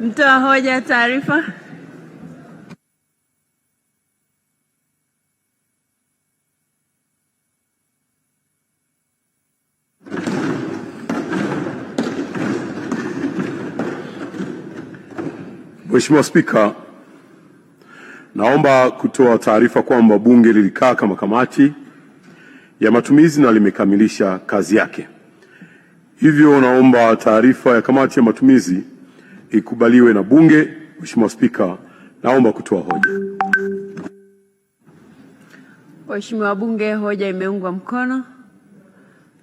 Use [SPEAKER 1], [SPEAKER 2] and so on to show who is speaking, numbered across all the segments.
[SPEAKER 1] Mtoa hoja taarifa. Mheshimiwa Spika, naomba kutoa taarifa kwamba Bunge lilikaa kama kamati ya matumizi na limekamilisha kazi yake. Hivyo naomba taarifa ya kamati ya matumizi ikubaliwe na Bunge. Mheshimiwa Spika, naomba kutoa hoja.
[SPEAKER 2] Waheshimiwa wabunge, hoja imeungwa mkono.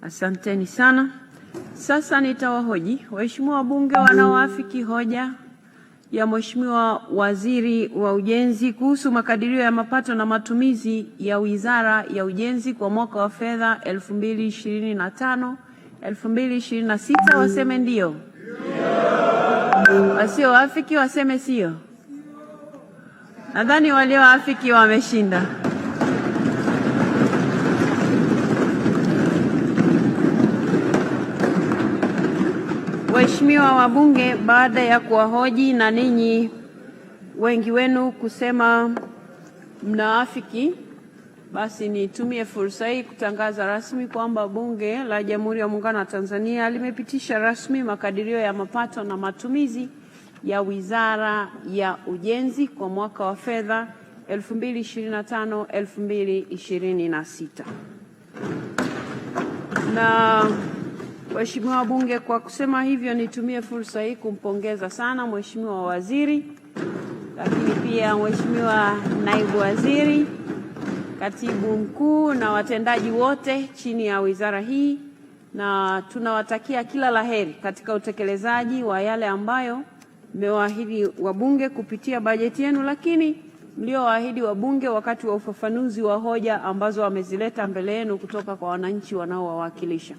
[SPEAKER 2] Asanteni sana. Sasa nitawahoji waheshimiwa wabunge wanaoafiki hoja ya Mheshimiwa Waziri wa Ujenzi kuhusu makadirio ya mapato na matumizi ya Wizara ya Ujenzi kwa mwaka wa fedha 2025 2026 waseme ndio. Wasioafiki waseme sio. Nadhani walioafiki wameshinda. Waheshimiwa wabunge, baada ya kuwahoji na ninyi wengi wenu kusema mnaafiki basi nitumie fursa hii kutangaza rasmi kwamba Bunge la Jamhuri ya Muungano wa Tanzania limepitisha rasmi makadirio ya mapato na matumizi ya Wizara ya Ujenzi kwa mwaka wa fedha 2025 2026. Na Mheshimiwa bunge kwa kusema hivyo, nitumie fursa hii kumpongeza sana Mheshimiwa waziri, lakini pia Mheshimiwa naibu waziri katibu mkuu na watendaji wote chini ya wizara hii, na tunawatakia kila laheri katika utekelezaji wa yale ambayo mmewaahidi wabunge kupitia bajeti yenu, lakini mliowaahidi wabunge wakati wa ufafanuzi wa hoja ambazo wamezileta mbele yenu kutoka kwa wananchi wanaowawakilisha.